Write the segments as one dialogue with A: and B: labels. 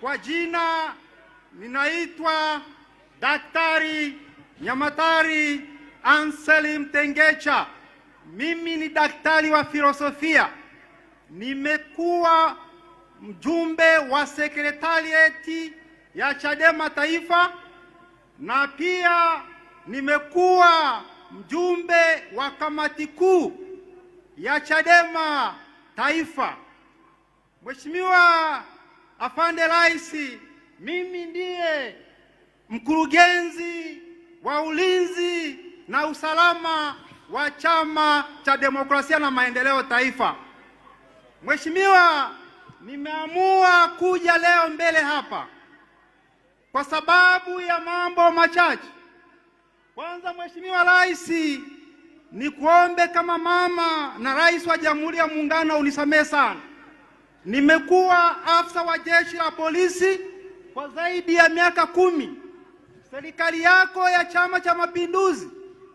A: Kwa jina ninaitwa Daktari Nyamatari Anselim Tengecha. Mimi ni daktari wa filosofia, nimekuwa mjumbe wa sekretarieti ya Chadema Taifa na pia nimekuwa mjumbe wa kamati kuu ya Chadema Taifa. Mheshimiwa Afande Rais, mimi ndiye mkurugenzi wa ulinzi na usalama wa Chama cha Demokrasia na Maendeleo Taifa. Mheshimiwa, nimeamua kuja leo mbele hapa kwa sababu ya mambo machache. Kwanza, Mheshimiwa Rais, nikuombe kama mama na rais wa Jamhuri ya Muungano unisamehe sana Nimekuwa afisa wa jeshi la polisi kwa zaidi ya miaka kumi. Serikali yako ya Chama cha Mapinduzi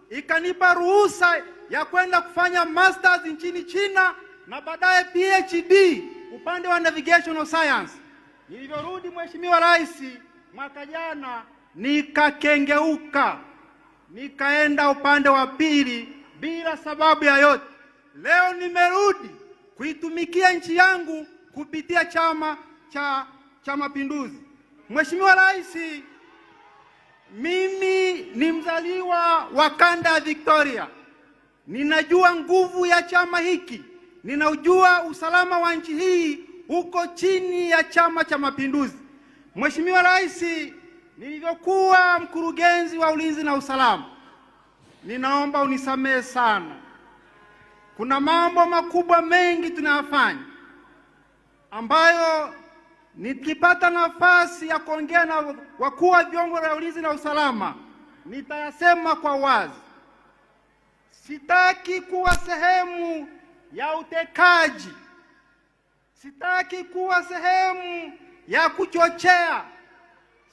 A: ikanipa ruhusa ya kwenda kufanya masters nchini China na baadaye PhD upande wa navigational science. Nilivyorudi Mheshimiwa Rais mwaka jana, nikakengeuka nikaenda upande wa pili bila sababu ya yote Leo nimerudi kuitumikia nchi yangu kupitia Chama cha, cha Mapinduzi. Mheshimiwa Rais, mimi ni mzaliwa wa kanda ya Victoria, ninajua nguvu ya chama hiki, ninaujua usalama wa nchi hii uko chini ya Chama cha Mapinduzi. Mheshimiwa Rais, nilivyokuwa mkurugenzi wa ulinzi na usalama, ninaomba unisamehe sana. Kuna mambo makubwa mengi tunayafanya ambayo nikipata nafasi ya kuongea na wakuu wa vyombo vya ulinzi na usalama nitayasema kwa wazi. Sitaki kuwa sehemu ya utekaji, sitaki kuwa sehemu ya kuchochea,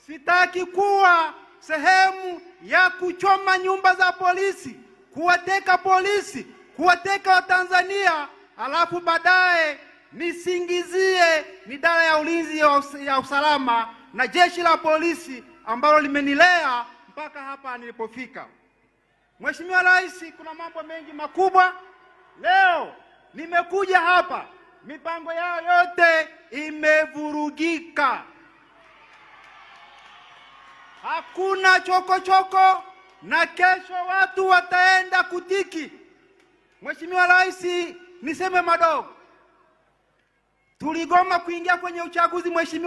A: sitaki kuwa sehemu ya kuchoma nyumba za polisi, kuwateka polisi, kuwateka Watanzania halafu baadaye nisingizie idara ya ulinzi ya usalama na jeshi la polisi ambalo limenilea mpaka hapa nilipofika. Mheshimiwa Rais, kuna mambo mengi makubwa leo. Nimekuja hapa, mipango yao yote imevurugika. Hakuna chokochoko na kesho watu wataenda kutiki. Mheshimiwa Rais, niseme madogo Tuligoma kuingia kwenye uchaguzi mheshimiwa